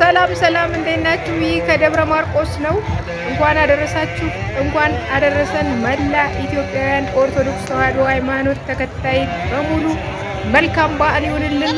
ሰላም ሰላም፣ እንዴት ናችሁ? ይህ ከደብረ ማርቆስ ነው። እንኳን አደረሳችሁ፣ እንኳን አደረሰን። መላ ኢትዮጵያውያን ኦርቶዶክስ ተዋሕዶ ሃይማኖት ተከታይ በሙሉ መልካም በዓል ይሁንልን።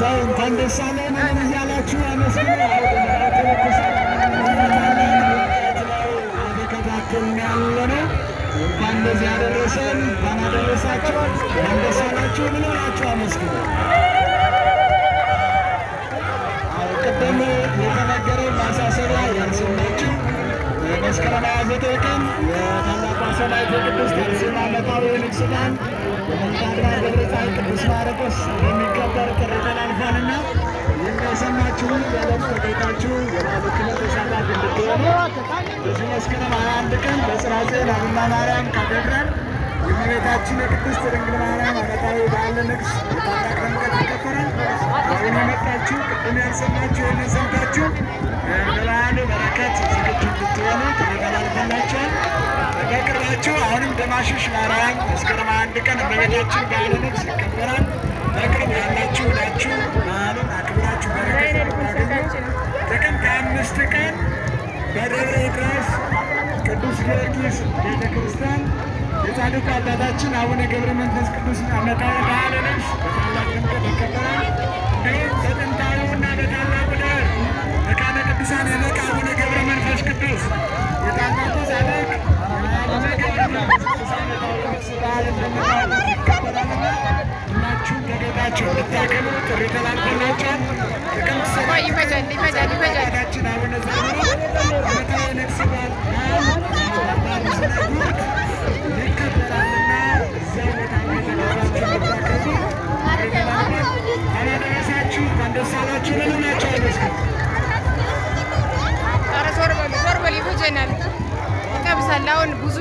ሰው እንኳን ደስ አለን እያላችሁ አመስግኑ። ተከታተልን ያለነው እንኳን እንደዚህ ያደረሰን እንኳን አደረሳችሁ፣ እንኳን ደስ አላችሁ ብላችሁ አመስግኑ። መስከረም 29 ቀን የታላቋ ሰማዕት ቅድስት አርሴማ ዓመታዊ የንግስ በዓል ደብረ ፀሐይ ቅዱስ ማርቆስ የሚከበር ጥሪ ተላልፏልና የሚያሰማችሁን የዕለት ተገኝታችሁ የበዓሉ ክብር ተሳታፊ እንድትሆኑ በዚህ መስከረም 21 ቀን በጽራጽን አቡነ ማርያም ካቴድራል የእመቤታችን የቅድስት ድንግል ማርያም ዓመታዊ በዓለ ንግስ በታላቅ ድምቀት ይከበራል። አሁን የመጣችሁ ቅድም ያልሰማችሁ የሚሰምታችሁ በበዓሉ አዋሽሽ ማርያም መስከረም አንድ ቀን እመቤታችን በዓለ ይከበራል። በቅርብ ያላችሁ ናችሁ በዓሉን አክብራችሁ በረከት ጥቅምት አምስት ቀን በደብረ ድረስ ቅዱስ ጊዮርጊስ ቤተ ክርስቲያን የጻድቁ አባታችን አቡነ ገብረ መንፈስ ቅዱስ ዓመታዊ በዓለ በታላቅ ድምቀት ይከበራል። እንዲሁም በጥንታዊውና በታላቁ ደ ይዘናል። ይከብሳል። አሁን ብዙ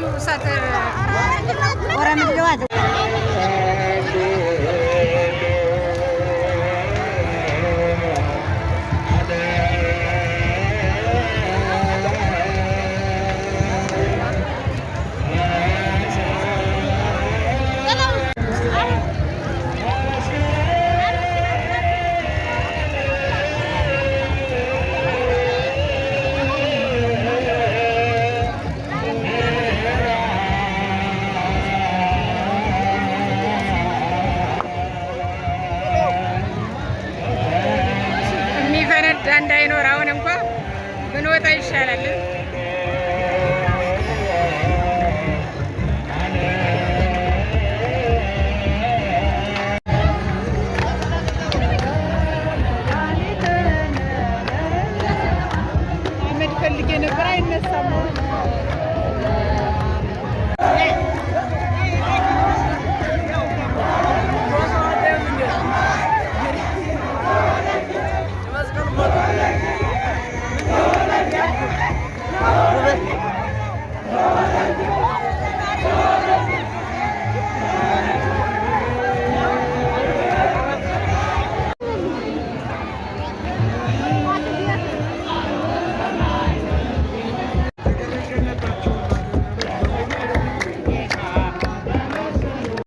ዳ እንዳይኖር አሁን እንኳ ብንወጣ ይሻላል። አመድ ፈልጌ ነበር